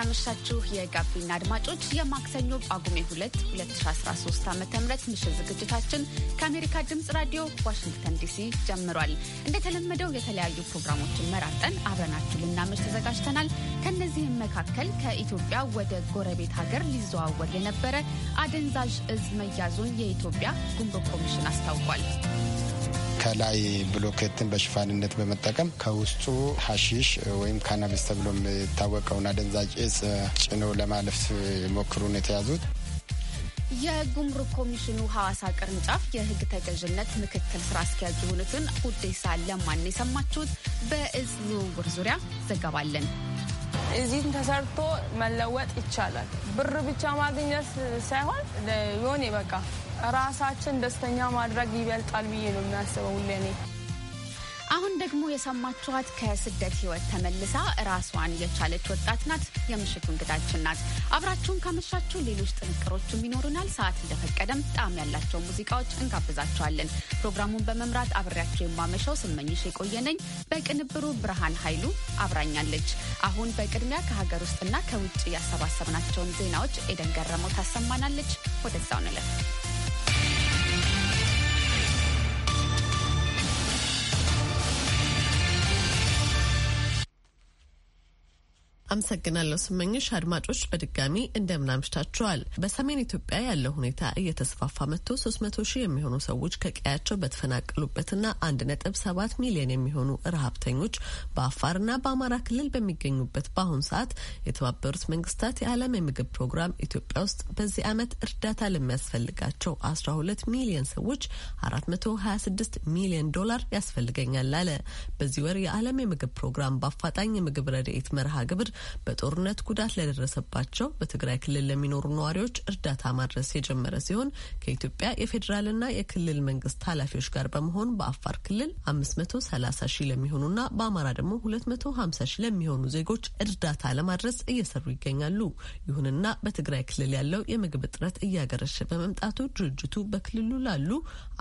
እንደምናመሻችሁ የጋቢና አድማጮች የማክሰኞ ጳጉሜ 2 2013 ዓ ም ምሽት ዝግጅታችን ከአሜሪካ ድምፅ ራዲዮ ዋሽንግተን ዲሲ ጀምሯል። እንደተለመደው የተለያዩ ፕሮግራሞችን መራርጠን አብረናችሁ ልናምሽ ተዘጋጅተናል። ከእነዚህም መካከል ከኢትዮጵያ ወደ ጎረቤት ሀገር ሊዘዋወር የነበረ አደንዛዥ እጽ መያዙን የኢትዮጵያ ጉምሩክ ኮሚሽን አስታውቋል። ከላይ ብሎኬትን በሽፋንነት በመጠቀም ከውስጡ ሀሺሽ ወይም ካናቢስ ተብሎ የሚታወቀውን አደንዛዥ እጽ ጭነው ለማለፍ ሞክሩ ነው የተያዙት። የጉምሩክ ኮሚሽኑ ሐዋሳ ቅርንጫፍ የሕግ ተገዥነት ምክትል ስራ አስኪያጅ የሆኑትን ሁዴሳ ለማን የሰማችሁት። በእጽ ዝውውር ዙሪያ ዘገባለን። እዚህም ተሰርቶ መለወጥ ይቻላል። ብር ብቻ ማግኘት ሳይሆን የሆነ በቃ ራሳችን ደስተኛ ማድረግ ይበልጣል ብዬ ነው የሚያስበው ሁሌ። አሁን ደግሞ የሰማችኋት ከስደት ህይወት ተመልሳ ራሷን የቻለች ወጣት ናት። የምሽቱ እንግዳችን ናት። አብራችሁን ካመሻችሁ ሌሎች ጥንቅሮችም ይኖሩናል። ሰዓት እንደፈቀደም ጣዕም ያላቸው ሙዚቃዎች እንጋብዛችኋለን። ፕሮግራሙን በመምራት አብሬያቸው የማመሻው ስመኝሽ የቆየነኝ፣ በቅንብሩ ብርሃን ኃይሉ አብራኛለች። አሁን በቅድሚያ ከሀገር ውስጥና ከውጭ ያሰባሰብናቸውን ዜናዎች ኤደን ገረመው ታሰማናለች። ወደዛው ንለፍ። አመሰግናለሁ ስመኝሽ። አድማጮች በድጋሚ እንደምን አምሽታችኋል። በሰሜን ኢትዮጵያ ያለው ሁኔታ እየተስፋፋ መጥቶ 300 መቶ ሺህ የሚሆኑ ሰዎች ከቀያቸው በተፈናቀሉበትና 1.7 ሚሊዮን የሚሆኑ ረሀብተኞች በአፋርና በአማራ ክልል በሚገኙበት በአሁኑ ሰዓት የተባበሩት መንግስታት የዓለም የምግብ ፕሮግራም ኢትዮጵያ ውስጥ በዚህ ዓመት እርዳታ ለሚያስፈልጋቸው 12 ሚሊዮን ሰዎች 426 ሚሊዮን ዶላር ያስፈልገኛል አለ። በዚህ ወር የዓለም የምግብ ፕሮግራም በአፋጣኝ የምግብ ረድኤት መርሃ ግብር በጦርነት ጉዳት ለደረሰባቸው በትግራይ ክልል ለሚኖሩ ነዋሪዎች እርዳታ ማድረስ የጀመረ ሲሆን ከኢትዮጵያ የፌዴራልና የክልል መንግስት ኃላፊዎች ጋር በመሆን በአፋር ክልል 530 ሺህ ለሚሆኑና በአማራ ደግሞ 250 ሺህ ለሚሆኑ ዜጎች እርዳታ ለማድረስ እየሰሩ ይገኛሉ። ይሁንና በትግራይ ክልል ያለው የምግብ እጥረት እያገረሸ በመምጣቱ ድርጅቱ በክልሉ ላሉ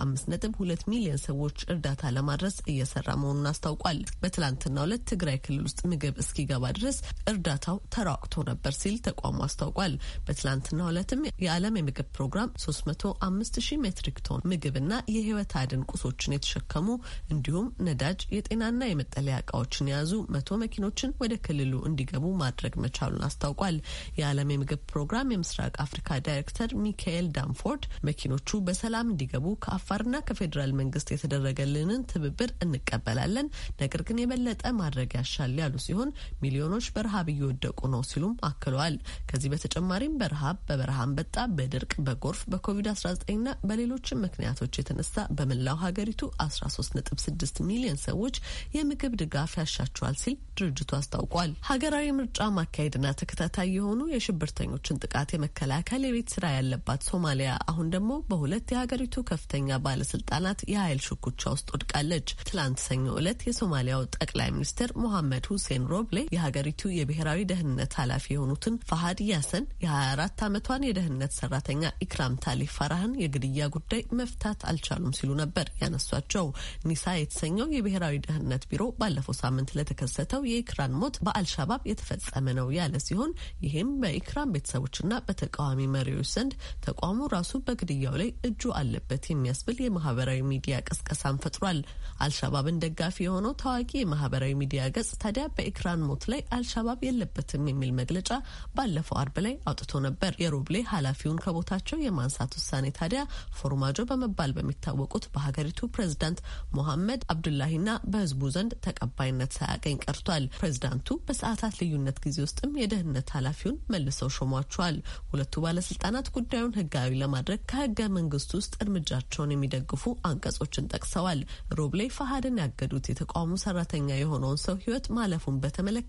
5.2 ሚሊዮን ሰዎች እርዳታ ለማድረስ እየሰራ መሆኑን አስታውቋል። በትላንትናው ዕለት ትግራይ ክልል ውስጥ ምግብ እስኪገባ ድረስ እርዳታው ተራቅቶ ነበር ሲል ተቋሙ አስታውቋል። በትላንትናው ዕለትም የዓለም የምግብ ፕሮግራም 305 ሜትሪክ ቶን ምግብና የህይወት አድን ቁሶችን የተሸከሙ እንዲሁም ነዳጅ፣ የጤናና የመጠለያ እቃዎችን የያዙ መቶ መኪኖችን ወደ ክልሉ እንዲገቡ ማድረግ መቻሉን አስታውቋል። የዓለም የምግብ ፕሮግራም የምስራቅ አፍሪካ ዳይሬክተር ሚካኤል ዳንፎርድ መኪኖቹ በሰላም እንዲገቡ ከአፋርና ከፌዴራል መንግስት የተደረገልንን ትብብር እንቀበላለን፣ ነገር ግን የበለጠ ማድረግ ያሻል ያሉ ሲሆን ሚሊዮኖች በረሃ በረሃብ እየወደቁ ነው ሲሉም አክለዋል። ከዚህ በተጨማሪም በረሃብ፣ በበረሃ አንበጣ፣ በድርቅ፣ በጎርፍ፣ በኮቪድ-19ና በሌሎችም ምክንያቶች የተነሳ በመላው ሀገሪቱ 13.6 ሚሊዮን ሰዎች የምግብ ድጋፍ ያሻቸዋል ሲል ድርጅቱ አስታውቋል። ሀገራዊ ምርጫ ማካሄድና ተከታታይ የሆኑ የሽብርተኞችን ጥቃት የመከላከል የቤት ስራ ያለባት ሶማሊያ አሁን ደግሞ በሁለት የሀገሪቱ ከፍተኛ ባለስልጣናት የኃይል ሽኩቻ ውስጥ ወድቃለች። ትላንት ሰኞ ዕለት የሶማሊያው ጠቅላይ ሚኒስትር ሞሐመድ ሁሴን ሮብሌ የሀገሪቱ የ የብሔራዊ ደህንነት ኃላፊ የሆኑትን ፋሀድ ያሰን የ24 ዓመቷን የደህንነት ሰራተኛ ኢክራም ታሊ ፋራህን የግድያ ጉዳይ መፍታት አልቻሉም ሲሉ ነበር ያነሷቸው። ኒሳ የተሰኘው የብሔራዊ ደህንነት ቢሮ ባለፈው ሳምንት ለተከሰተው የኢክራን ሞት በአልሻባብ የተፈጸመ ነው ያለ ሲሆን ይህም በኢክራም ቤተሰቦችና በተቃዋሚ መሪዎች ዘንድ ተቋሙ ራሱ በግድያው ላይ እጁ አለበት የሚያስብል የማህበራዊ ሚዲያ ቀስቀሳን ፈጥሯል። አልሻባብን ደጋፊ የሆነው ታዋቂ የማህበራዊ ሚዲያ ገጽ ታዲያ በኢክራን ሞት ላይ አልሻባብ መግባብ የለበትም የሚል መግለጫ ባለፈው አርብ ላይ አውጥቶ ነበር። የሮብሌ ኃላፊውን ከቦታቸው የማንሳት ውሳኔ ታዲያ ፎርማጆ በመባል በሚታወቁት በሀገሪቱ ፕሬዝዳንት ሞሐመድ አብዱላሂና በህዝቡ ዘንድ ተቀባይነት ሳያገኝ ቀርቷል። ፕሬዝዳንቱ በሰዓታት ልዩነት ጊዜ ውስጥም የደህንነት ኃላፊውን መልሰው ሾሟቸዋል። ሁለቱ ባለስልጣናት ጉዳዩን ህጋዊ ለማድረግ ከህገ መንግስቱ ውስጥ እርምጃቸውን የሚደግፉ አንቀጾችን ጠቅሰዋል። ሮብሌ ፈሀድን ያገዱት የተቃውሞ ሰራተኛ የሆነውን ሰው ህይወት ማለፉን በተመለከተ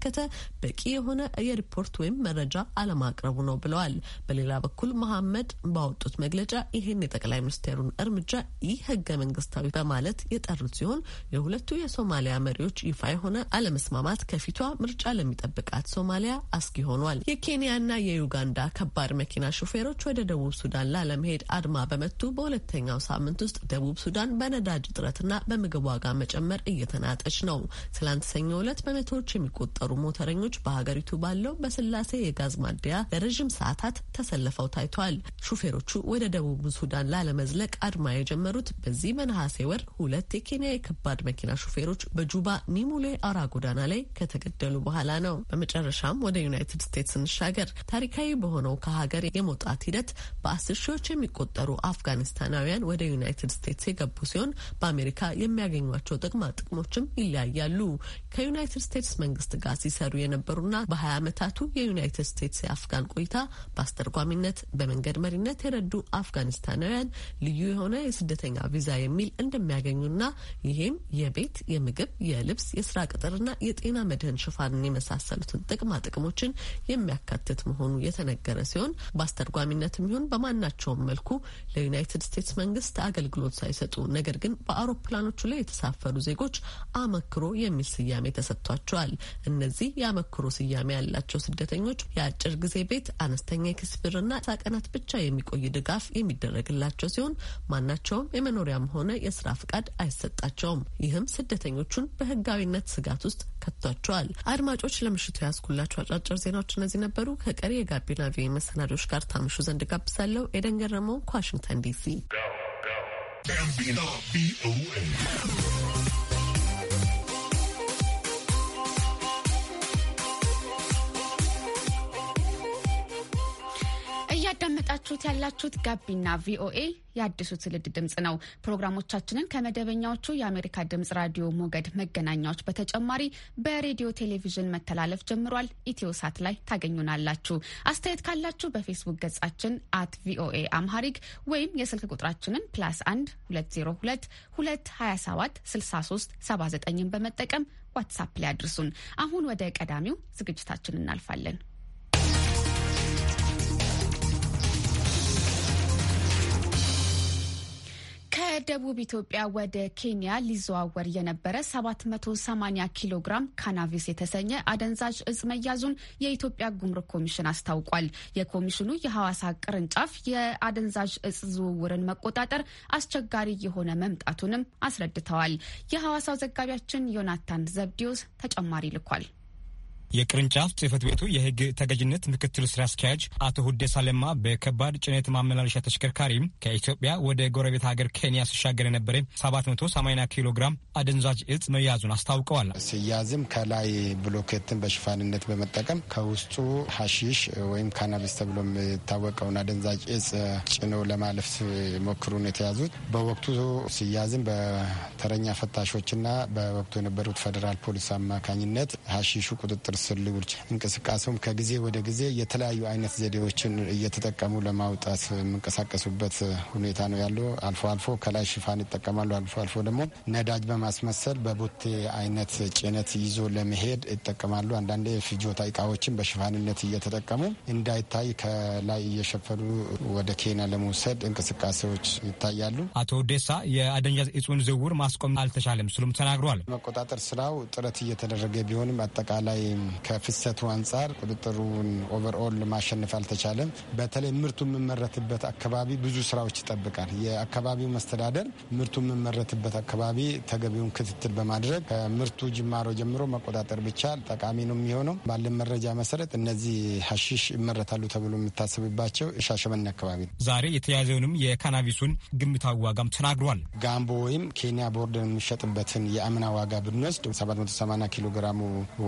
በቂ በቂ የሆነ የሪፖርት ወይም መረጃ አለማቅረቡ ነው ብለዋል። በሌላ በኩል መሐመድ ባወጡት መግለጫ ይህን የጠቅላይ ሚኒስቴሩን እርምጃ ይህ ህገ መንግስታዊ በማለት የጠሩት ሲሆን የሁለቱ የሶማሊያ መሪዎች ይፋ የሆነ አለመስማማት ከፊቷ ምርጫ ለሚጠብቃት ሶማሊያ አስጊ ሆኗል። የኬንያና የዩጋንዳ ከባድ መኪና ሹፌሮች ወደ ደቡብ ሱዳን ላለመሄድ አድማ በመቱ በሁለተኛው ሳምንት ውስጥ ደቡብ ሱዳን በነዳጅ እጥረትና በምግብ ዋጋ መጨመር እየተናጠች ነው። ትላንት ሰኞ ዕለት በመቶዎች የሚቆጠሩ ሞተረኞች በሀገሪቱ ባለው በስላሴ የጋዝ ማደያ ለረዥም ሰዓታት ተሰልፈው ታይቷል። ሹፌሮቹ ወደ ደቡብ ሱዳን ላለመዝለቅ አድማ የጀመሩት በዚህ በነሐሴ ወር ሁለት የኬንያ የከባድ መኪና ሹፌሮች በጁባ ኒሙሌ አውራ ጎዳና ላይ ከተገደሉ በኋላ ነው። በመጨረሻም ወደ ዩናይትድ ስቴትስ እንሻገር። ታሪካዊ በሆነው ከሀገር የመውጣት ሂደት በአስር ሺዎች የሚቆጠሩ አፍጋኒስታናውያን ወደ ዩናይትድ ስቴትስ የገቡ ሲሆን በአሜሪካ የሚያገኟቸው ጥቅማ ጥቅሞችም ይለያያሉ። ከዩናይትድ ስቴትስ መንግስት ጋር ሲሰሩ የነበሩ የነበሩና በሀያ ዓመታቱ የዩናይትድ ስቴትስ የአፍጋን ቆይታ በአስተርጓሚነት በመንገድ መሪነት የረዱ አፍጋኒስታናውያን ልዩ የሆነ የስደተኛ ቪዛ የሚል እንደሚያገኙና ይህም የቤት፣ የምግብ፣ የልብስ፣ የስራ ቅጥርና የጤና መድህን ሽፋንን የመሳሰሉትን ጥቅማ ጥቅሞችን የሚያካትት መሆኑ የተነገረ ሲሆን በአስተርጓሚነትም ይሁን በማናቸውም መልኩ ለዩናይትድ ስቴትስ መንግስት አገልግሎት ሳይሰጡ ነገር ግን በአውሮፕላኖቹ ላይ የተሳፈሩ ዜጎች አመክሮ የሚል ስያሜ ተሰጥቷቸዋል። እነዚህ የአመክሮ የአንክሮ ስያሜ ያላቸው ስደተኞች የአጭር ጊዜ ቤት፣ አነስተኛ የኪስ ብርና ሳቀናት ብቻ የሚቆይ ድጋፍ የሚደረግላቸው ሲሆን ማናቸውም የመኖሪያም ሆነ የስራ ፍቃድ አይሰጣቸውም። ይህም ስደተኞቹን በህጋዊነት ስጋት ውስጥ ከቷቸዋል። አድማጮች ለምሽቱ ያስኩላቸው አጫጭር ዜናዎች እነዚህ ነበሩ። ከቀሪ የጋቢና ቪ መሰናዶች ጋር ታምሹ ዘንድ ጋብዛለሁ። ኤደን ገረመው ከዋሽንግተን ዲሲ እያዳመጣችሁት ያላችሁት ጋቢና ቪኦኤ የአዲሱ ትውልድ ድምጽ ነው። ፕሮግራሞቻችንን ከመደበኛዎቹ የአሜሪካ ድምጽ ራዲዮ ሞገድ መገናኛዎች በተጨማሪ በሬዲዮ ቴሌቪዥን መተላለፍ ጀምሯል። ኢትዮ ሳት ላይ ታገኙናላችሁ። አስተያየት ካላችሁ በፌስቡክ ገጻችን አት ቪኦኤ አምሃሪግ ወይም የስልክ ቁጥራችንን ፕላስ 1 202 227 63 79 በመጠቀም ዋትሳፕ ላይ አድርሱን። አሁን ወደ ቀዳሚው ዝግጅታችን እናልፋለን። ከደቡብ ኢትዮጵያ ወደ ኬንያ ሊዘዋወር የነበረ 780 ኪሎ ግራም ካናቪስ የተሰኘ አደንዛዥ እጽ መያዙን የኢትዮጵያ ጉምሩክ ኮሚሽን አስታውቋል። የኮሚሽኑ የሐዋሳ ቅርንጫፍ የአደንዛዥ እጽ ዝውውርን መቆጣጠር አስቸጋሪ የሆነ መምጣቱንም አስረድተዋል። የሐዋሳው ዘጋቢያችን ዮናታን ዘብዲዮስ ተጨማሪ ልኳል። የቅርንጫፍ ጽህፈት ቤቱ የህግ ተገዥነት ምክትል ስራ አስኪያጅ አቶ ሁዴሳ ለማ በከባድ ጭነት ማመላለሻ ተሽከርካሪም ከኢትዮጵያ ወደ ጎረቤት ሀገር ኬንያ ሲሻገር የነበረ 780 ኪሎ ግራም አደንዛዥ እጽ መያዙን አስታውቀዋል። ሲያዝም ከላይ ብሎኬትን በሽፋንነት በመጠቀም ከውስጡ ሀሺሽ ወይም ካናቢስ ተብሎ የሚታወቀውን አደንዛዥ እጽ ጭነው ለማለፍ ሞክሩ ነው የተያዙት። በወቅቱ ሲያዝም በተረኛ ፈታሾችና በወቅቱ የነበሩት ፌዴራል ፖሊስ አማካኝነት ሀሺሹ ቁጥጥር የስር ልውውጥ እንቅስቃሴውም ከጊዜ ወደ ጊዜ የተለያዩ አይነት ዘዴዎችን እየተጠቀሙ ለማውጣት የምንቀሳቀሱበት ሁኔታ ነው ያለው። አልፎ አልፎ ከላይ ሽፋን ይጠቀማሉ። አልፎ አልፎ ደግሞ ነዳጅ በማስመሰል በቦቴ አይነት ጭነት ይዞ ለመሄድ ይጠቀማሉ። አንዳንዴ ፍጆታ እቃዎችን በሽፋንነት እየተጠቀሙ እንዳይታይ ከላይ እየሸፈኑ ወደ ኬንያ ለመውሰድ እንቅስቃሴዎች ይታያሉ። አቶ ደሳ የአደንዛዥ እጽን ዝውውር ማስቆም አልተቻለም ስሉም ተናግሯል። መቆጣጠር ስራው ጥረት እየተደረገ ቢሆንም አጠቃላይ ከፍሰቱ አንጻር ቁጥጥሩን ኦቨርኦል ማሸነፍ አልተቻለም። በተለይ ምርቱ የምመረትበት አካባቢ ብዙ ስራዎች ይጠብቃል። የአካባቢው መስተዳደር ምርቱ የምመረትበት አካባቢ ተገቢውን ክትትል በማድረግ ከምርቱ ጅማሮ ጀምሮ መቆጣጠር ብቻ ጠቃሚ ነው የሚሆነው። ባለን መረጃ መሰረት እነዚህ ሀሺሽ ይመረታሉ ተብሎ የምታስብባቸው ሻሸመኔ አካባቢ ነው። ዛሬ የተያዘውንም የካናቢሱን ግምታዊ ዋጋም ተናግሯል። ጋምቦ ወይም ኬንያ ቦርደር የሚሸጥበትን የአምና ዋጋ ብንወስድ 780 ኪሎ ግራሙ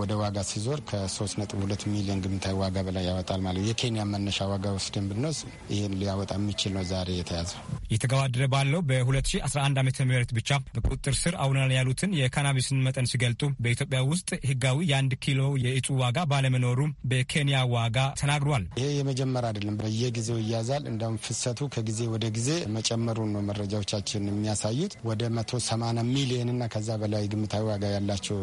ወደ ዋጋ ሲዞ ዞር ከ3.2 ሚሊዮን ግምታዊ ዋጋ በላይ ያወጣል ማለት የኬንያ መነሻ ዋጋ ወስደን ብንወስ ይህን ሊያወጣ የሚችል ነው። ዛሬ የተያዘ እየተገባደደ ባለው በ2011 ዓ ም ብቻ በቁጥጥር ስር አውለናል ያሉትን የካናቢስን መጠን ሲገልጡ በኢትዮጵያ ውስጥ ህጋዊ የአንድ ኪሎ የእጩ ዋጋ ባለመኖሩ በኬንያ ዋጋ ተናግሯል። ይሄ የመጀመሪያ አይደለም፣ በየጊዜው ይያዛል። እንደውም ፍሰቱ ከጊዜ ወደ ጊዜ መጨመሩን ነው መረጃዎቻችን የሚያሳዩት። ወደ 180 እና ከዛ በላይ ግምታዊ ዋጋ ያላቸው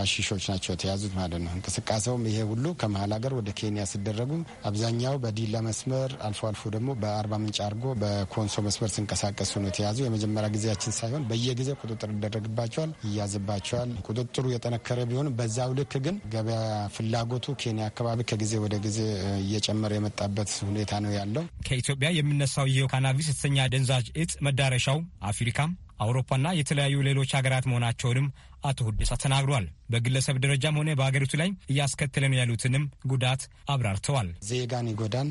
ሀሺሾች ናቸው የተያዙት ማለት ነው። እንቅስቃሴውም ይሄ ሁሉ ከመሀል ሀገር ወደ ኬንያ ሲደረጉ አብዛኛው በዲላ መስመር አልፎ አልፎ ደግሞ በአርባ ምንጭ አድርጎ በኮንሶ መስመር ሲንቀሳቀሱ ነው የተያዙ። የመጀመሪያ ጊዜያችን ሳይሆን በየጊዜው ቁጥጥር ይደረግባቸዋል፣ ይያዝባቸዋል። ቁጥጥሩ የጠነከረ ቢሆንም በዛው ልክ ግን ገበያ ፍላጎቱ ኬንያ አካባቢ ከጊዜ ወደ ጊዜ እየጨመረ የመጣበት ሁኔታ ነው ያለው። ከኢትዮጵያ የሚነሳው የካናቢስ የተሰኘ አደንዛዥ እጽ መዳረሻው አፍሪካም አውሮፓና የተለያዩ ሌሎች ሀገራት መሆናቸውንም አቶ ሁዴሳ ተናግሯል። በግለሰብ ደረጃም ሆነ በሀገሪቱ ላይ እያስከተለ ነው ያሉትንም ጉዳት አብራርተዋል። ዜጋን ይጎዳን፣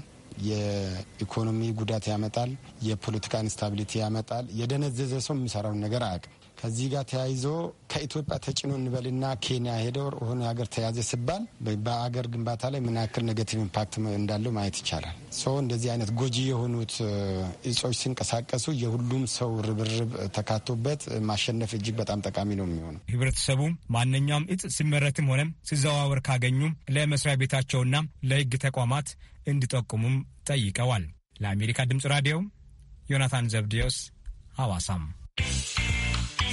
የኢኮኖሚ ጉዳት ያመጣል፣ የፖለቲካ ኢንስታቢሊቲ ያመጣል። የደነዘዘ ሰው የሚሰራውን ነገር አያውቅም። ከዚህ ጋር ተያይዞ ከኢትዮጵያ ተጭኖ እንበልና ኬንያ ሄደው ሆነ ሀገር ተያዘ ሲባል በአገር ግንባታ ላይ ምን ያክል ኢምፓክት እንዳለው ማየት ይቻላል። ሰው እንደዚህ አይነት ጎጂ የሆኑት እጾች ሲንቀሳቀሱ የሁሉም ሰው ርብርብ ተካቶበት ማሸነፍ እጅግ በጣም ጠቃሚ ነው የሚሆነው። ህብረተሰቡ ማንኛውም እጽ ሲመረትም ሆነ ሲዘዋወር ካገኙ ለመስሪያ ቤታቸውና ለህግ ተቋማት እንዲጠቁሙም ጠይቀዋል። ለአሜሪካ ድምጽ ራዲዮ ዮናታን ዘብዲዮስ ሐዋሳም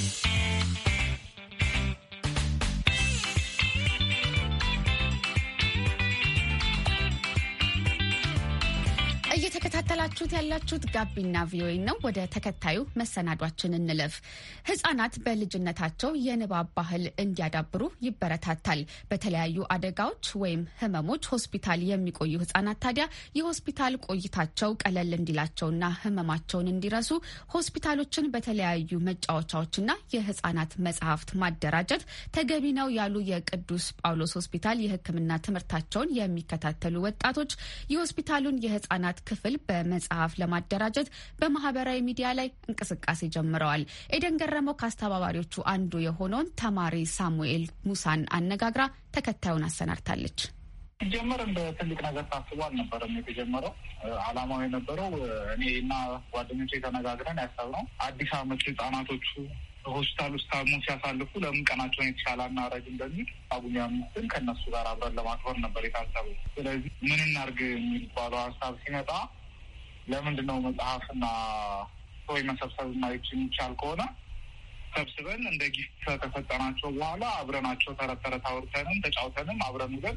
Thank you. እየተከታተላችሁት ያላችሁት ጋቢና ቪኦኤ ነው። ወደ ተከታዩ መሰናዷችን እንለፍ። ህጻናት በልጅነታቸው የንባብ ባህል እንዲያዳብሩ ይበረታታል። በተለያዩ አደጋዎች ወይም ህመሞች ሆስፒታል የሚቆዩ ህጻናት ታዲያ የሆስፒታል ቆይታቸው ቀለል እንዲላቸውና ህመማቸውን እንዲረሱ ሆስፒታሎችን በተለያዩ መጫወቻዎችና የህጻናት መጽሐፍት ማደራጀት ተገቢ ነው ያሉ የቅዱስ ጳውሎስ ሆስፒታል የህክምና ትምህርታቸውን የሚከታተሉ ወጣቶች የሆስፒታሉን የህጻናት ክፍል በ በመጽሐፍ ለማደራጀት በማህበራዊ ሚዲያ ላይ እንቅስቃሴ ጀምረዋል። ኤደን ገረመው ከአስተባባሪዎቹ አንዱ የሆነውን ተማሪ ሳሙኤል ሙሳን አነጋግራ ተከታዩን አሰናድታለች። ሲጀመር እንደ ትልቅ ነገር ታስቦ አልነበረም የተጀመረው። አላማው የነበረው እኔ እና የተነጋግረን ተነጋግረን ያሰብነው አዲስ አመት ህጻናቶቹ ሆስፒታል ውስጥ ታሞ ሲያሳልፉ ለምን ቀናቸውን የተሻለ እናረግ እንደሚል ጳጉሜ አምስትን ከእነሱ ጋር አብረን ለማክበር ነበር የታሰበው። ስለዚህ ምን እናርግ የሚባለው ሀሳብ ሲመጣ ለምንድን ነው መጽሐፍና ወይ መሰብሰብ ማየት የሚቻል ከሆነ ሰብስበን እንደ ጊፍት ከሰጠናቸው በኋላ አብረናቸው ተረት ተረት አውርተንም ተጫውተንም አብረን ውለን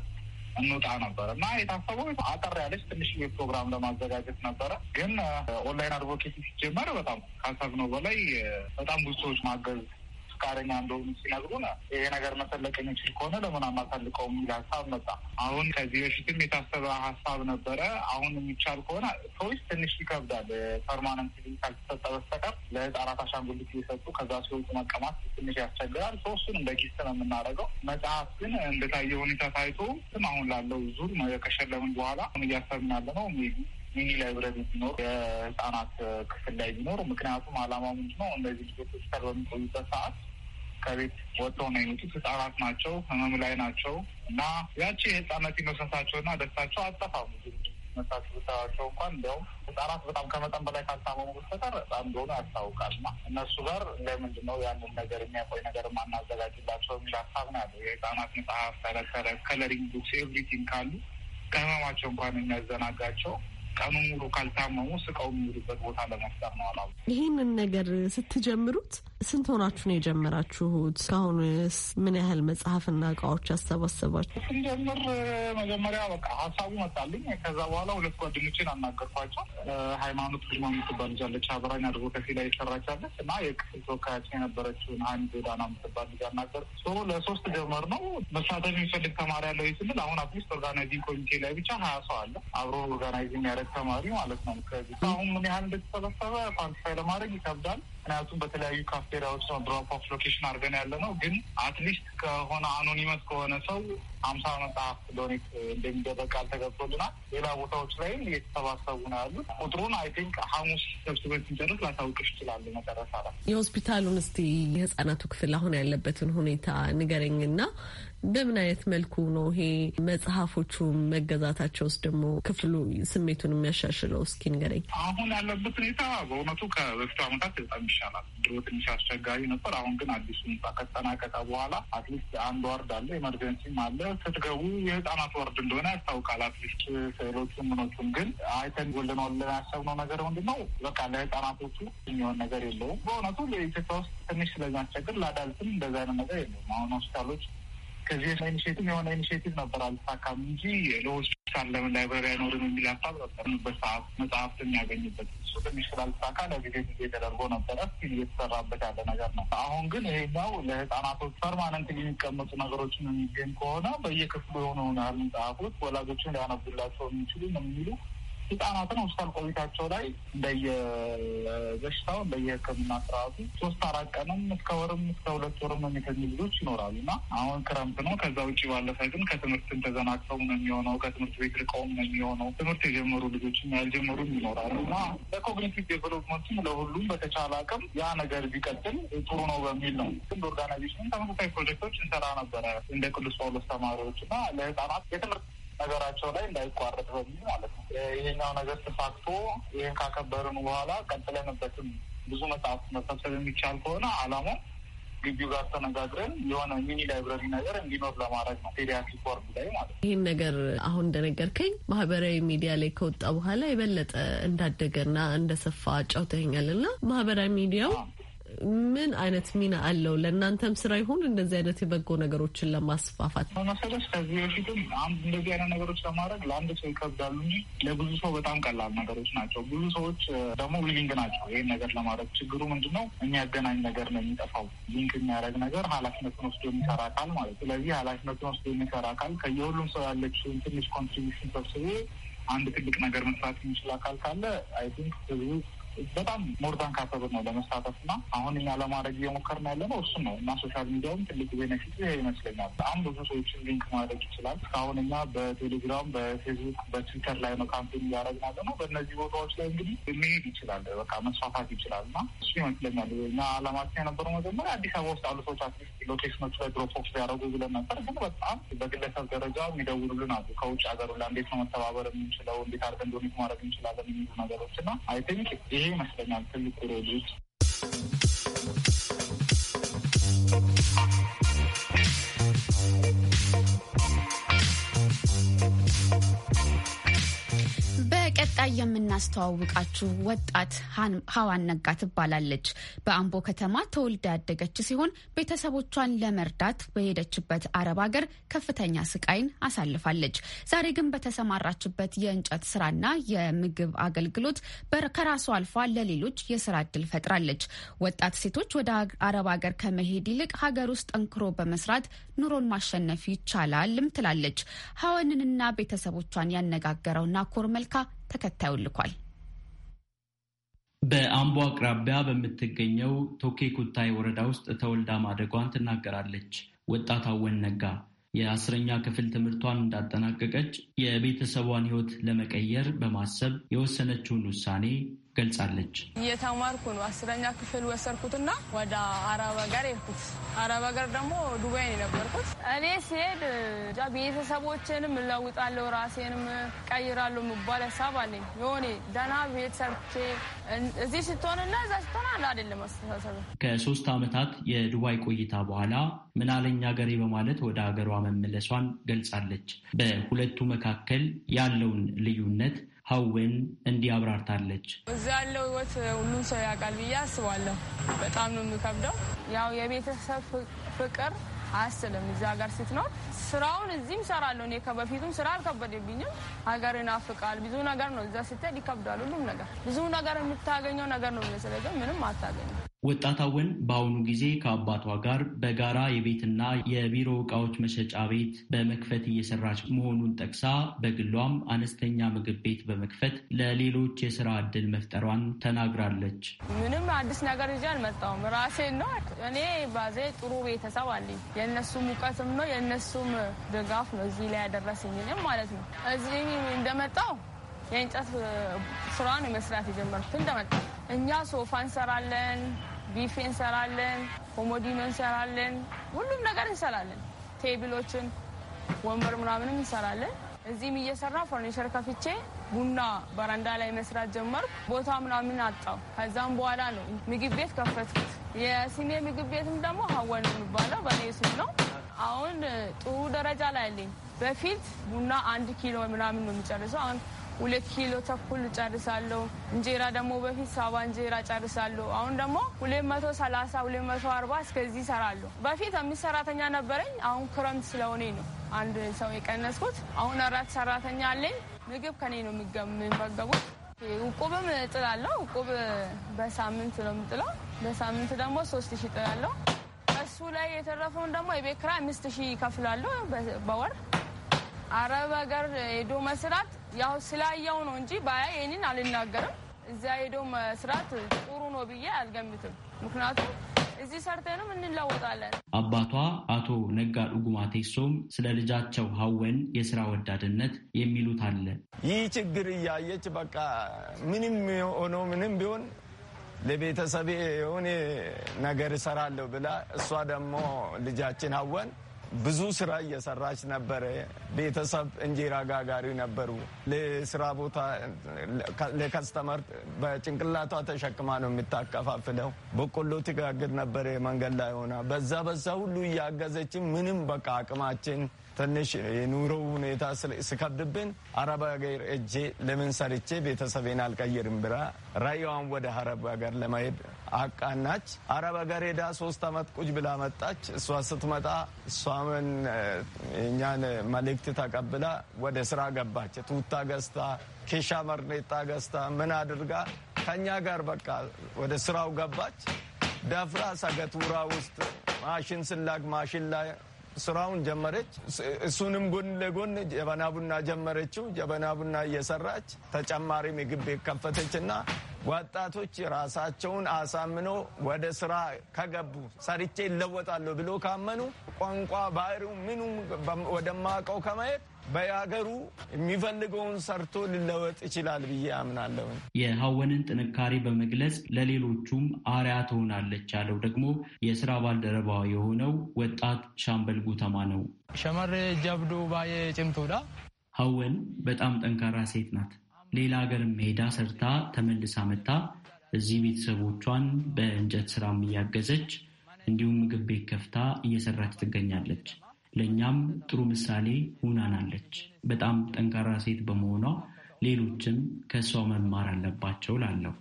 እንውጣ ነበር እና የታሰበው አጠር ያለች ትንሽ ፕሮግራም ለማዘጋጀት ነበረ። ግን ኦንላይን አድቮኬት ሲጀመር በጣም ካሰብነው በላይ በጣም ብዙ ሰዎች ማገዝ ፈቃደኛ እንደሆኑ ሲነግሩን ይሄ ነገር መሰለቅ የሚችል ከሆነ ለምን አናሳልቀውም የሚል ሀሳብ መጣ። አሁን ከዚህ በፊትም የታሰበ ሀሳብ ነበረ። አሁን የሚቻል ከሆነ ሰዎች ትንሽ ይከብዳል። ፐርማነንት ሊ ካልተሰጠ በስተቀር ለህጻናት አሻንጉሊት እየሰጡ ከዛ ሲወጡ መቀማት ትንሽ ያስቸግራል። ሰውሱን እንደ ጊስት ነው የምናደርገው። መጽሐፍ ግን እንደታየ ሁኔታ ታይቶ ስም አሁን ላለው ዙር ከሸለምን በኋላ እያሰብን ያለ ነው ሚኒ ላይብረሪ ቢኖር የህጻናት ክፍል ላይ ቢኖር ምክንያቱም አላማው ነው? እነዚህ ልጆች በሚቆዩበት ሰዓት ከቤት ወጥተው ነው የመጡት። ህጻናት ናቸው፣ ህመም ላይ ናቸው እና ያቺ የህጻነት እና ደስታቸው አጠፋሙ መሳቸው ብታቸው እንኳን እንዲያውም ህጻናት በጣም ከመጠን በላይ ካልታመሙ በስተቀር ህጻን እንደሆነ ያስታውቃል። እና እነሱ ጋር ለምንድን ነው ያንን ነገር የሚያቆይ ነገር ማናዘጋጅላቸው የሚል ሀሳብ ነው ያለው። የህጻናት መጽሐፍ፣ ተለተለ ከለሪንግ ቡክስ ኤቭሪቲንግ ካሉ ከህመማቸው እንኳን የሚያዘናጋቸው ቀኑን ሙሉ ካልታመሙ ስቃው የሚሄዱበት ቦታ ለመፍጠር ነው አላ ይህንን ነገር ስትጀምሩት ስንት ሆናችሁ ነው የጀመራችሁት? እስካሁን ምን ያህል መጽሐፍና እቃዎች አሰባሰባችሁ? ስንጀምር መጀመሪያ በቃ ሀሳቡ መጣልኝ። ከዛ በኋላ ሁለት ጓደኞችን አናገርኳቸው። ሃይማኖት ልማ የምትባል ልጃለች አብራኝ አድርጎ ከፊ ላይ ይሰራቻለች እና የቅፍል ተወካያችን የነበረችውን አንድ ዳና የምትባል ልጅ አናገር ለሶስት ጀመር ነው መሳተፍ የሚፈልግ ተማሪ ያለው ስንል አሁን አትሊስት ኦርጋናይዚንግ ኮሚቴ ላይ ብቻ ሀያ ሰው አለ አብሮ ኦርጋናይዚንግ ተማሪ ማለት ነው። አሁን ምን ያህል እንደተሰበሰበ ኳንቲፋይ ለማድረግ ይከብዳል። ምክንያቱም በተለያዩ ካፍቴሪያዎች ነው ድሮፕ ኦፍ ሎኬሽን አድርገን ያለ ነው። ግን አትሊስት ከሆነ አኖኒመስ ከሆነ ሰው አምሳ መጽሐፍ ዶኔት እንደሚደረግ ቃል ተገብቶልናል። ሌላ ቦታዎች ላይም እየተሰባሰቡ ነው ያሉት። ቁጥሩን አይ ቲንክ ሐሙስ ሰብስበን ስንጨርስ ላሳውቅሽ ይችላሉ። መጨረሻ ላይ የሆስፒታሉን እስቲ የህጻናቱ ክፍል አሁን ያለበትን ሁኔታ ንገረኝና በምን አይነት መልኩ ነው ይሄ መጽሐፎቹ መገዛታቸው ውስጥ ደግሞ ክፍሉ ስሜቱን የሚያሻሽለው እስኪ ንገረኝ። አሁን ያለበት ሁኔታ በእውነቱ ከበፊቱ አመታት በጣም ይሻላል። ድሮ ትንሽ አስቸጋሪ ነበር። አሁን ግን አዲሱ ህንፃ ከተጠናቀቀ በኋላ አትሊስት አንድ ዋርድ አለ፣ ኤመርጀንሲም አለ። ስትገቡ የህፃናት ዋርድ እንደሆነ ያስታውቃል። አትሊስት ስዕሎቹን ምኖቹም ግን አይተን ጎልነው ብለን ያሰብነው ነገር ምንድን ነው በቃ ለህፃናቶቹ የሚሆን ነገር የለውም። በእውነቱ ለኢትዮጵያ ውስጥ ትንሽ ስለሚያስቸግር ለአዳልትም እንደዚ አይነት ነገር የለውም። አሁን ሆስፒታሎች ከዚህ ኢኒሽቲቭ የሆነ ኢኒሽቲቭ ነበር አልተሳካም እንጂ ለሆስፒታል ለምን ላይብራሪ አይኖርም የሚል ሀሳብ በጠርንበት ሰዓት መጽሐፍት የሚያገኝበት እሱ ትንሽ ስላልተሳካ ለጊዜ ጊዜ ተደርጎ ነበረ። ስቲል እየተሰራበት ያለ ነገር ነው። አሁን ግን ይሄኛው ለህጻናቶች ፐርማነንት የሚቀመጡ ነገሮችን የሚገኝ ከሆነ በየክፍሉ የሆነ ሆናል ያሉ መጽሐፎች ወላጆችን ሊያነቡላቸው የሚችሉ ነው የሚሉ ህጻናትን ሆስፒታል ቆይታቸው ላይ በየበሽታው በየህክምና ስርዓቱ ሶስት አራት ቀንም እስከ ወርም እስከ ሁለት ወርም የሚተኙ ልጆች ይኖራሉ እና አሁን ክረምት ነው። ከዛ ውጭ ባለፈ ግን ከትምህርትን ተዘናግተው ነው የሚሆነው። ከትምህርት ቤት ርቀውም ነው የሚሆነው። ትምህርት የጀመሩ ልጆችም ያልጀመሩም ይኖራሉ እና ለኮግኒቲቭ ዴቨሎፕመንቱም ለሁሉም በተቻለ አቅም ያ ነገር ቢቀጥል ጥሩ ነው በሚል ነው። ግን ኦርጋናይዜሽን ተመሳሳይ ፕሮጀክቶች እንሰራ ነበረ እንደ ቅዱስ ጳውሎስ ተማሪዎች እና ለህጻናት የትምህርት ነገራቸው ላይ እንዳይቋረጥ በሚል ማለት ነው። ይሄኛው ነገር ተሳክቶ ይህን ካከበርን በኋላ ቀጥለንበትም ብዙ መጽሐፍ መሰብሰብ የሚቻል ከሆነ አላማው ግቢው ጋር ተነጋግረን የሆነ ሚኒ ላይብረሪ ነገር እንዲኖር ለማድረግ ነው። ፔዲያትሪክ ወርድ ላይ ማለት ነው። ይህን ነገር አሁን እንደነገርከኝ ማህበራዊ ሚዲያ ላይ ከወጣ በኋላ የበለጠ እንዳደገና እንደሰፋ ጫውተኛል እና ማህበራዊ ሚዲያው ምን አይነት ሚና አለው? ለእናንተም ስራ ይሁን እንደዚህ አይነት የበጎ ነገሮችን ለማስፋፋት መሰለሽ። ከዚህ በፊትም አንድ እንደዚህ አይነት ነገሮች ለማድረግ ለአንድ ሰው ይከብዳሉ እንጂ ለብዙ ሰው በጣም ቀላል ነገሮች ናቸው። ብዙ ሰዎች ደግሞ ዊሊንግ ናቸው ይህን ነገር ለማድረግ። ችግሩ ምንድን ነው? የሚያገናኝ ነገር ነው የሚጠፋው። ሊንክ የሚያደርግ ነገር ኃላፊነቱን ወስዶ የሚሰራ አካል ማለት ስለዚህ ኃላፊነቱን ወስዶ የሚሰራ አካል ከየሁሉም ሰው ያለችውን ትንሽ ኮንትሪቢሽን ሰብስቤ አንድ ትልቅ ነገር መስራት የሚችል አካል ካለ አይ ቲንክ ብዙ በጣም ሞር ዳን ነው ለመሳተፍ ና አሁን እኛ ለማድረግ እየሞከርን ያለ ነው እሱ ነው እና ሶሻል ሚዲያውም ትልቅ ቤነፊት ይሄ ይመስለኛል። በጣም ብዙ ሰዎችን ሊንክ ማድረግ ይችላል። እስካሁን እኛ በቴሌግራም፣ በፌስቡክ፣ በትዊተር ላይ ነው ካምፔን እያደረግን ያለ ነው። በእነዚህ ቦታዎች ላይ እንግዲህ መሄድ ይችላል፣ በቃ መስፋፋት ይችላል እና እሱ ይመስለኛል እኛ አላማችን የነበረው መጀመሪያ አዲስ አበባ ውስጥ አሉ ሰዎች አትሊስት ሎኬሽኖች ላይ ድሮፖች ሊያደረጉ ብለን ነበር። ግን በጣም በግለሰብ ደረጃ የሚደውሉልን አሉ ከውጭ ሀገር ላ እንዴት ነው መተባበር የምንችለው፣ እንዴት አድርገን ዶኔት ማድረግ እንችላለን የሚሉ ነገሮች እና አይ ቲንክ ይሄ ይመስለኛል ትልቁ ሮል የምናስተዋውቃችሁ ወጣት ሀዋን ነጋ ትባላለች። በአምቦ ከተማ ተወልዳ ያደገች ሲሆን ቤተሰቦቿን ለመርዳት በሄደችበት አረብ ሀገር ከፍተኛ ስቃይን አሳልፋለች። ዛሬ ግን በተሰማራችበት የእንጨት ስራና የምግብ አገልግሎት ከራሷ አልፏ ለሌሎች የስራ እድል ፈጥራለች። ወጣት ሴቶች ወደ አረብ ሀገር ከመሄድ ይልቅ ሀገር ውስጥ ጠንክሮ በመስራት ኑሮን ማሸነፍ ይቻላልም ትላለች። ሀዋንንና ቤተሰቦቿን ያነጋገረው ናኮር መልካ ተከታዩን ልኳል። በአምቦ አቅራቢያ በምትገኘው ቶኬ ኩታይ ወረዳ ውስጥ ተወልዳ ማደጓን ትናገራለች ወጣት አወን ነጋ። የአስረኛ ክፍል ትምህርቷን እንዳጠናቀቀች የቤተሰቧን ሕይወት ለመቀየር በማሰብ የወሰነችውን ውሳኔ ገልጻለች። እየተማርኩ ነው። አስረኛ ክፍል ወሰድኩትና ወደ አረብ ሀገር ሄድኩት። አረብ ሀገር ደግሞ ዱባይ ነው የነበርኩት። እኔ ሲሄድ ቤተሰቦችንም እለውጣለሁ፣ ራሴንም ቀይራለሁ የሚባል ሀሳብ አለኝ። የሆኔ ደህና ቤት ሰርቼ እዚህ ስትሆንና እዛ ስትሆን አለ አይደለም አስተሳሰብ። ከሶስት ዓመታት የዱባይ ቆይታ በኋላ ምናለኝ ሀገሬ በማለት ወደ ሀገሯ መመለሷን ገልጻለች። በሁለቱ መካከል ያለውን ልዩነት ሀዌን እንዲህ አብራርታለች። እዚ ያለው ህይወት ሁሉም ሰው ያውቃል ብዬ አስባለሁ። በጣም ነው የሚከብደው። ያው የቤተሰብ ፍቅር አያስልም። እዛ ሀገር ስትኖር ስራውን እዚህም እሰራለሁ እኔ ከበፊቱም ስራ አልከበደብኝም። ሀገር ናፍቃል ብዙ ነገር ነው። እዛ ስትሄድ ይከብዳል ሁሉም ነገር ብዙ ነገር የምታገኘው ነገር ነው ስለዚ ምንም አታገኝ ወጣት አወን በአሁኑ ጊዜ ከአባቷ ጋር በጋራ የቤትና የቢሮ እቃዎች መሸጫ ቤት በመክፈት እየሰራች መሆኑን ጠቅሳ በግሏም አነስተኛ ምግብ ቤት በመክፈት ለሌሎች የስራ እድል መፍጠሯን ተናግራለች። ምንም አዲስ ነገር ይዤ አልመጣሁም። ራሴ ነው እኔ ባዜ ጥሩ ቤተሰብ አለኝ የእነሱም እውቀትም ነው የእነሱም ድጋፍ ነው እዚህ ላይ ያደረሰኝም ማለት ነው። እዚህ እንደመጣው የእንጨት ስራን መስራት የጀመርኩት እንደመጣ እኛ ሶፋ እንሰራለን፣ ቢፌ እንሰራለን፣ ኮሞዲኖ እንሰራለን፣ ሁሉም ነገር እንሰራለን። ቴብሎችን፣ ወንበር ምናምንም እንሰራለን። እዚህም እየሰራ ፈርኒቸር ከፍቼ ቡና በረንዳ ላይ መስራት ጀመርኩ። ቦታ ምናምን አጣው። ከዛም በኋላ ነው ምግብ ቤት ከፈትኩት። የሲኒየር ምግብ ቤትም ደግሞ ሀወን የሚባለው በእኔ ስም ነው። አሁን ጥሩ ደረጃ ላይ አለኝ። በፊት ቡና አንድ ኪሎ ምናምን ነው የሚጨርሰው። አሁን ሁለት ኪሎ ተኩል ጨርሳለሁ። እንጀራ ደግሞ በፊት ሰባ እንጀራ ጨርሳለሁ። አሁን ደግሞ ሁለት መቶ ሰላሳ ሁለት መቶ አርባ እስከዚህ ይሰራለሁ። በፊት አምስት ሰራተኛ ነበረኝ። አሁን ክረምት ስለሆነ ነው አንድ ሰው የቀነስኩት። አሁን አራት ሰራተኛ አለኝ። ምግብ ከኔ ነው የሚመገቡት። ውቁብም እጥላለሁ። ውቁብ በሳምንት ነው የምጥለው። በሳምንት ደግሞ ሶስት ሺ ጥላለሁ። እሱ ላይ የተረፈውን ደግሞ የቤት ኪራይ አምስት ሺህ ይከፍላለሁ በወር። አረብ ሀገር ሄዶ መስራት ያው ስላየው ነው እንጂ ባያ ይህንን አልናገርም። እዚያ ሄዶ መስራት ጥሩ ነው ብዬ አልገምትም። ምክንያቱም እዚህ ሰርተንም እንለወጣለን። አባቷ አቶ ነጋ ዱጉማ ቴሶም ስለ ልጃቸው ሀወን የስራ ወዳድነት የሚሉት አለ። ይህ ችግር እያየች በቃ ምንም ሆኖ ምንም ቢሆን ለቤተሰቤ የሆነ ነገር እሰራለሁ ብላ እሷ ደግሞ ልጃችን አወን ብዙ ስራ እየሰራች ነበረ። ቤተሰብ እንጀራ ጋጋሪ ነበሩ። ለስራ ቦታ ለከስተመር በጭንቅላቷ ተሸክማ ነው የምታከፋፍለው። በቆሎ ትጋግር ነበረ መንገድ ላይ ሆና። በዛ በዛ ሁሉ እያገዘችን ምንም በቃ አቅማችን ትንሽ የኑሮ ሁኔታ ስከብድብን አረብ ሀገር እጄ ለምን ሰርቼ ቤተሰቤን አልቀይርም ብላ ራዕይዋን ወደ አረብ ሀገር ለማሄድ አቃናች። አረብ ሀገር ሄዳ ሶስት አመት ቁጭ ብላ መጣች። እሷ ስትመጣ እሷምን እኛን መልእክት ተቀብላ ወደ ስራ ገባች። ቱታ ገዝታ፣ ኬሻ መርኔጣ ገዝታ ምን አድርጋ ከእኛ ጋር በቃ ወደ ስራው ገባች። ደፍራ ሰገቱራ ውስጥ ማሽን ስላክ ማሽን ላይ ስራውን ጀመረች። እሱንም ጎን ለጎን ጀበና ቡና ጀመረችው። ጀበና ቡና እየሰራች ተጨማሪ ምግብ ቤት ከፈተችና ወጣቶች ራሳቸውን አሳምኖ ወደ ስራ ከገቡ ሰርቼ ይለወጣለሁ ብሎ ካመኑ ቋንቋ፣ ባህሪ ምኑ ወደማውቀው ከማየት በሀገሩ የሚፈልገውን ሰርቶ ሊለወጥ ይችላል ብዬ አምናለሁ። የሀወንን ጥንካሬ በመግለጽ ለሌሎቹም አርያ ትሆናለች ያለው ደግሞ የስራ ባልደረባ የሆነው ወጣት ሻምበል ጉተማ ነው። ሸመር ጀብዶ ባየ ጭምቶዳ ሀወን በጣም ጠንካራ ሴት ናት። ሌላ ሀገርም ሄዳ ሰርታ ተመልሳ መጣ እዚህ ቤተሰቦቿን በእንጨት ስራም እያገዘች እንዲሁም ምግብ ቤት ከፍታ እየሰራች ትገኛለች። ለእኛም ጥሩ ምሳሌ ሁናናለች። በጣም ጠንካራ ሴት በመሆኗ ሌሎችም ከእሷ መማር አለባቸው ላለሁ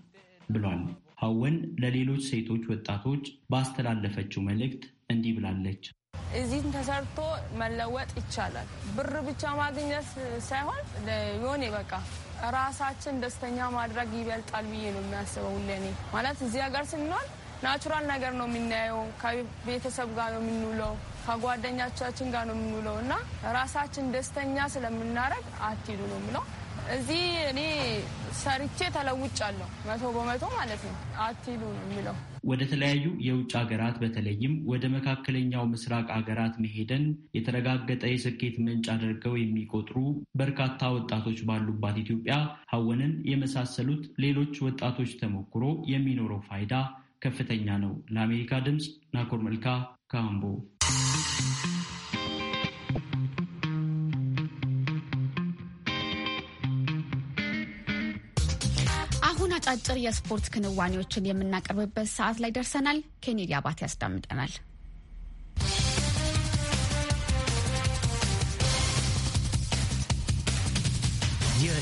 ብሏል። ሀወን ለሌሎች ሴቶች ወጣቶች ባስተላለፈችው መልእክት እንዲህ ብላለች። እዚህ ተሰርቶ መለወጥ ይቻላል። ብር ብቻ ማግኘት ሳይሆን የሆነ በቃ ራሳችን ደስተኛ ማድረግ ይበልጣል ብዬ ነው የሚያስበው። ለእኔ ማለት እዚህ ሀገር ስንሆን ናቹራል ነገር ነው የምናየው። ከቤተሰብ ጋር ነው የምንውለው፣ ከጓደኛቻችን ጋር ነው የምንውለው እና ራሳችን ደስተኛ ስለምናደርግ አትሄዱ ነው የምለው። እዚህ እኔ ሰርቼ ተለውጫለሁ፣ መቶ በመቶ ማለት ነው። አትሄዱ ነው የሚለው ወደ ተለያዩ የውጭ ሀገራት በተለይም ወደ መካከለኛው ምስራቅ ሀገራት መሄደን የተረጋገጠ የስኬት ምንጭ አድርገው የሚቆጥሩ በርካታ ወጣቶች ባሉባት ኢትዮጵያ ሀወንን የመሳሰሉት ሌሎች ወጣቶች ተሞክሮ የሚኖረው ፋይዳ ከፍተኛ ነው። ለአሜሪካ ድምፅ ናኮር መልካ ካምቦ አጫጭር የስፖርት ክንዋኔዎችን የምናቀርብበት ሰዓት ላይ ደርሰናል። ኬኔዲ አባት ያስዳምጠናል።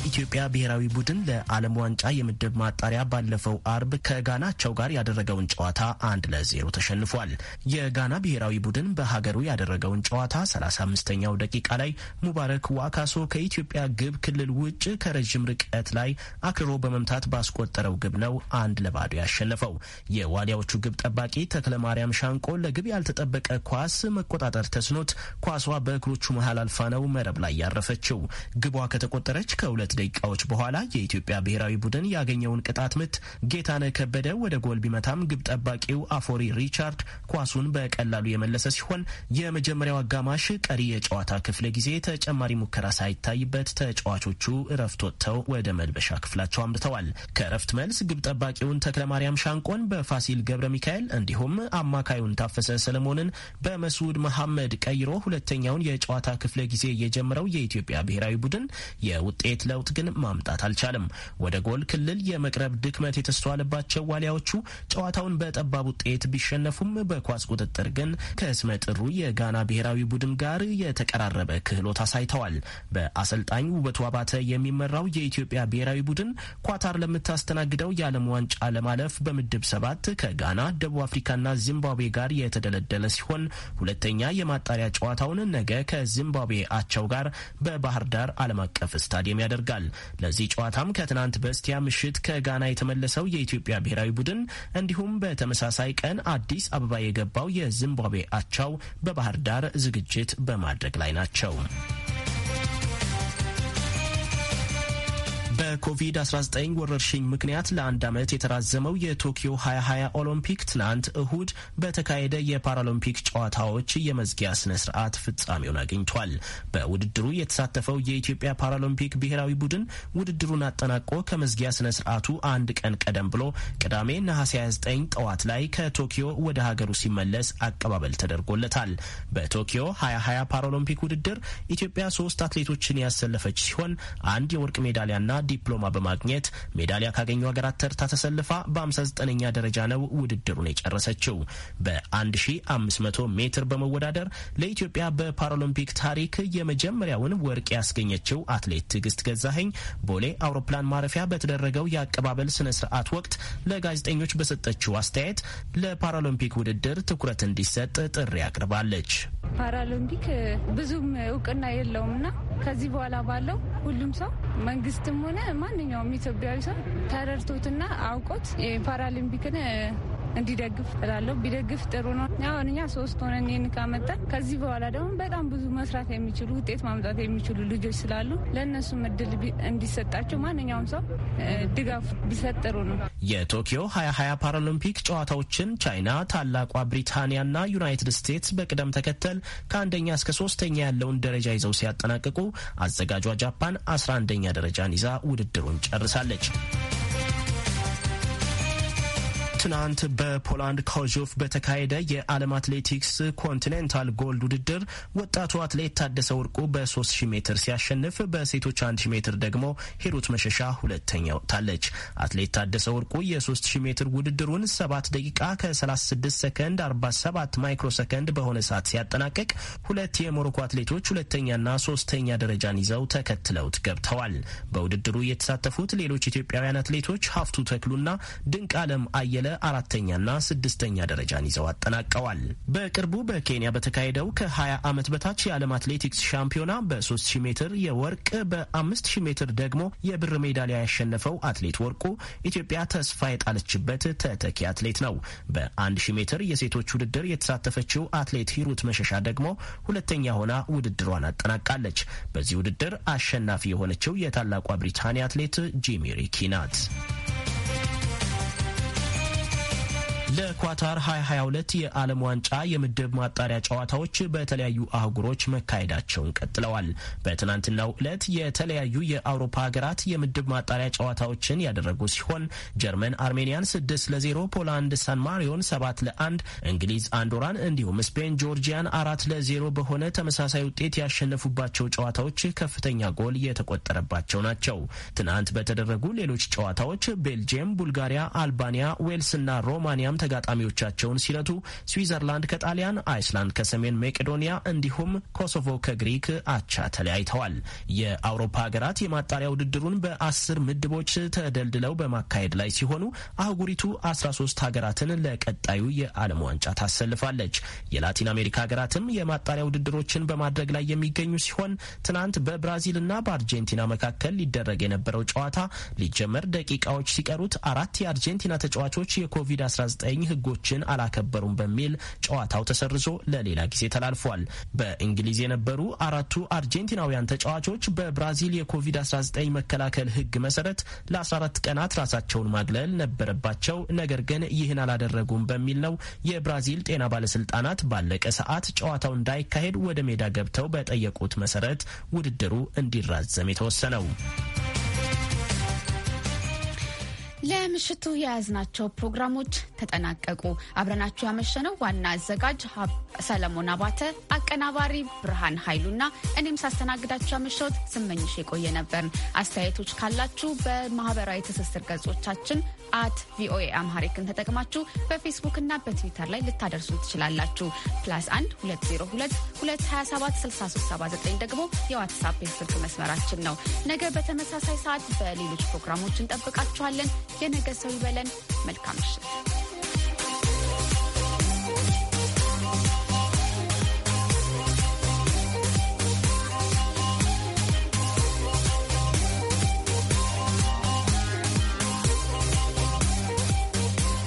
የኢትዮጵያ ብሔራዊ ቡድን ለዓለም ዋንጫ የምድብ ማጣሪያ ባለፈው አርብ ከጋናቸው ጋር ያደረገውን ጨዋታ አንድ ለዜሮ ተሸንፏል። የጋና ብሔራዊ ቡድን በሀገሩ ያደረገውን ጨዋታ 35ኛው ደቂቃ ላይ ሙባረክ ዋካሶ ከኢትዮጵያ ግብ ክልል ውጭ ከረዥም ርቀት ላይ አክርሮ በመምታት ባስቆጠረው ግብ ነው አንድ ለባዶ ያሸነፈው። የዋሊያዎቹ ግብ ጠባቂ ተክለ ማርያም ሻንቆ ለግብ ያልተጠበቀ ኳስ መቆጣጠር ተስኖት ኳሷ በእግሮቹ መሀል አልፋ ነው መረብ ላይ ያረፈችው። ግቧ ከተቆጠረች ከሁለት ደቂቃዎች በኋላ የኢትዮጵያ ብሔራዊ ቡድን ያገኘውን ቅጣት ምት ጌታነህ ከበደ ወደ ጎል ቢመታም ግብ ጠባቂው አፎሪ ሪቻርድ ኳሱን በቀላሉ የመለሰ ሲሆን የመጀመሪያው አጋማሽ ቀሪ የጨዋታ ክፍለ ጊዜ ተጨማሪ ሙከራ ሳይታይበት ተጫዋቾቹ እረፍት ወጥተው ወደ መልበሻ ክፍላቸው አምርተዋል። ከእረፍት መልስ ግብ ጠባቂውን ተክለ ማርያም ሻንቆን በፋሲል ገብረ ሚካኤል እንዲሁም አማካዩን ታፈሰ ሰለሞንን በመስዑድ መሐመድ ቀይሮ ሁለተኛውን የጨዋታ ክፍለ ጊዜ የጀመረው የኢትዮጵያ ብሔራዊ ቡድን የውጤት ለውጥ ውጤት ግን ማምጣት አልቻለም። ወደ ጎል ክልል የመቅረብ ድክመት የተስተዋለባቸው ዋሊያዎቹ ጨዋታውን በጠባብ ውጤት ቢሸነፉም በኳስ ቁጥጥር ግን ከስመ ጥሩ የጋና ብሔራዊ ቡድን ጋር የተቀራረበ ክህሎት አሳይተዋል። በአሰልጣኝ ውበቱ አባተ የሚመራው የኢትዮጵያ ብሔራዊ ቡድን ኳታር ለምታስተናግደው የዓለም ዋንጫ ለማለፍ በምድብ ሰባት ከጋና፣ ደቡብ አፍሪካና ዚምባብዌ ጋር የተደለደለ ሲሆን ሁለተኛ የማጣሪያ ጨዋታውን ነገ ከዚምባብዌ አቻው ጋር በባህር ዳር ዓለም አቀፍ ስታዲየም ያደርጋል። ይጠበቃል። ለዚህ ጨዋታም ከትናንት በስቲያ ምሽት ከጋና የተመለሰው የኢትዮጵያ ብሔራዊ ቡድን እንዲሁም በተመሳሳይ ቀን አዲስ አበባ የገባው የዚምባብዌ አቻው በባህር ዳር ዝግጅት በማድረግ ላይ ናቸው። በኮቪድ-19 ወረርሽኝ ምክንያት ለአንድ ዓመት የተራዘመው የቶኪዮ 2020 ኦሎምፒክ ትናንት እሁድ በተካሄደ የፓራሎምፒክ ጨዋታዎች የመዝጊያ ስነ ስርዓት ፍጻሜውን አግኝቷል። በውድድሩ የተሳተፈው የኢትዮጵያ ፓራሎምፒክ ብሔራዊ ቡድን ውድድሩን አጠናቆ ከመዝጊያ ስነ ስርዓቱ አንድ ቀን ቀደም ብሎ ቅዳሜ ነሐሴ 29 ጠዋት ላይ ከቶኪዮ ወደ ሀገሩ ሲመለስ አቀባበል ተደርጎለታል። በቶኪዮ 2020 ፓራሎምፒክ ውድድር ኢትዮጵያ ሶስት አትሌቶችን ያሰለፈች ሲሆን አንድ የወርቅ ሜዳሊያና ዲፕሎማ በማግኘት ሜዳሊያ ካገኙ ሀገራት ተርታ ተሰልፋ በ59ኛ ደረጃ ነው ውድድሩን የጨረሰችው። በ1500 ሜትር በመወዳደር ለኢትዮጵያ በፓራሎምፒክ ታሪክ የመጀመሪያውን ወርቅ ያስገኘችው አትሌት ትዕግስት ገዛኸኝ ቦሌ አውሮፕላን ማረፊያ በተደረገው የአቀባበል ስነ ስርዓት ወቅት ለጋዜጠኞች በሰጠችው አስተያየት ለፓራሎምፒክ ውድድር ትኩረት እንዲሰጥ ጥሪ አቅርባለች። ፓራሎምፒክ ብዙም እውቅና የለውምና ከዚህ በኋላ ባለው ሁሉም ሰው መንግስትም ሆነ ማንኛውም ኢትዮጵያዊ ሰው ተረድቶትና አውቆት የፓራሊምፒክን እንዲደግፍ እላለሁ። ቢደግፍ ጥሩ ነው። አሁን እኛ ሶስት ሆነን ይህን ካመጣን ከዚህ በኋላ ደግሞ በጣም ብዙ መስራት የሚችሉ ውጤት ማምጣት የሚችሉ ልጆች ስላሉ ለእነሱም እድል እንዲሰጣቸው ማንኛውም ሰው ድጋፍ ቢሰጥ ጥሩ ነው። የቶኪዮ 2020 ፓራሊምፒክ ጨዋታዎችን ቻይና፣ ታላቋ ብሪታንያና ዩናይትድ ስቴትስ በቅደም ተከተል ከአንደኛ እስከ ሶስተኛ ያለውን ደረጃ ይዘው ሲያጠናቅቁ አዘጋጇ ጃፓን 11 አንደኛ ደረጃን ይዛ ውድድሩን ጨርሳለች። ትናንት በፖላንድ ኮዦቭ በተካሄደ የዓለም አትሌቲክስ ኮንቲኔንታል ጎልድ ውድድር ወጣቱ አትሌት ታደሰ ወርቁ በ3000 ሜትር ሲያሸንፍ በሴቶች 1000 ሜትር ደግሞ ሂሩት መሸሻ ሁለተኛ ወጥታለች። አትሌት ታደሰ ወርቁ የ3000 ሜትር ውድድሩን 7 ደቂቃ ከ36 ሰከንድ 47 ማይክሮ ሰከንድ በሆነ ሰዓት ሲያጠናቀቅ ሁለት የሞሮኮ አትሌቶች ሁለተኛና ሶስተኛ ደረጃን ይዘው ተከትለውት ገብተዋል። በውድድሩ የተሳተፉት ሌሎች ኢትዮጵያውያን አትሌቶች ሀፍቱ ተክሉና ድንቅ አለም አየለ ያለ አራተኛና ስድስተኛ ደረጃን ይዘው አጠናቀዋል። በቅርቡ በኬንያ በተካሄደው ከ20 ዓመት በታች የዓለም አትሌቲክስ ሻምፒዮና በ3000 ሜትር የወርቅ በ5000 ሜትር ደግሞ የብር ሜዳሊያ ያሸነፈው አትሌት ወርቁ ኢትዮጵያ ተስፋ የጣለችበት ተተኪ አትሌት ነው። በ1000 ሜትር የሴቶች ውድድር የተሳተፈችው አትሌት ሂሩት መሸሻ ደግሞ ሁለተኛ ሆና ውድድሯን አጠናቃለች። በዚህ ውድድር አሸናፊ የሆነችው የታላቋ ብሪታንያ አትሌት ጂሚ ሪኪ ናት። ለኳታር 2022 የዓለም ዋንጫ የምድብ ማጣሪያ ጨዋታዎች በተለያዩ አህጉሮች መካሄዳቸውን ቀጥለዋል። በትናንትናው ዕለት የተለያዩ የአውሮፓ ሀገራት የምድብ ማጣሪያ ጨዋታዎችን ያደረጉ ሲሆን ጀርመን አርሜኒያን 6 ለ0፣ ፖላንድ ሳን ማሪዮን 7 ለ1፣ እንግሊዝ አንዶራን እንዲሁም ስፔን ጆርጂያን አራት ለ0 በሆነ ተመሳሳይ ውጤት ያሸነፉባቸው ጨዋታዎች ከፍተኛ ጎል የተቆጠረባቸው ናቸው። ትናንት በተደረጉ ሌሎች ጨዋታዎች ቤልጅየም፣ ቡልጋሪያ፣ አልባንያ፣ ዌልስና ሮማኒያም ሁሉም ተጋጣሚዎቻቸውን ሲረቱ ስዊዘርላንድ ከጣሊያን፣ አይስላንድ ከሰሜን መቄዶኒያ እንዲሁም ኮሶቮ ከግሪክ አቻ ተለያይተዋል። የአውሮፓ ሀገራት የማጣሪያ ውድድሩን በአስር ምድቦች ተደልድለው በማካሄድ ላይ ሲሆኑ አህጉሪቱ አስራ ሶስት ሀገራትን ለቀጣዩ የዓለም ዋንጫ ታሰልፋለች። የላቲን አሜሪካ ሀገራትም የማጣሪያ ውድድሮችን በማድረግ ላይ የሚገኙ ሲሆን ትናንት በብራዚልና በአርጀንቲና መካከል ሊደረግ የነበረው ጨዋታ ሊጀመር ደቂቃዎች ሲቀሩት አራት የአርጀንቲና ተጫዋቾች የኮቪድ-19 ዘጠኝ ህጎችን አላከበሩም በሚል ጨዋታው ተሰርዞ ለሌላ ጊዜ ተላልፏል። በእንግሊዝ የነበሩ አራቱ አርጀንቲናውያን ተጫዋቾች በብራዚል የኮቪድ-19 መከላከል ህግ መሰረት ለ14 ቀናት ራሳቸውን ማግለል ነበረባቸው። ነገር ግን ይህን አላደረጉም በሚል ነው የብራዚል ጤና ባለስልጣናት ባለቀ ሰዓት ጨዋታው እንዳይካሄድ ወደ ሜዳ ገብተው በጠየቁት መሰረት ውድድሩ እንዲራዘም የተወሰነው። ለምሽቱ የያዝናቸው ፕሮግራሞች ተጠናቀቁ። አብረናችሁ ያመሸነው ዋና አዘጋጅ ሰለሞን አባተ፣ አቀናባሪ ብርሃን ኃይሉና እኔም ሳስተናግዳችሁ ያመሸሁት ስመኝሽ የቆየ ነበርን። አስተያየቶች ካላችሁ በማህበራዊ ትስስር ገጾቻችን አት ቪኦኤ አምሃሪክን ተጠቅማችሁ በፌስቡክ እና በትዊተር ላይ ልታደርሱ ትችላላችሁ። ፕላስ 1 202 227 6379 ደግሞ የዋትሳፕ የስልክ መስመራችን ነው። ነገ በተመሳሳይ ሰዓት በሌሎች ፕሮግራሞች እንጠብቃችኋለን። የነገ ሰው ይበለን። መልካም ምሽት።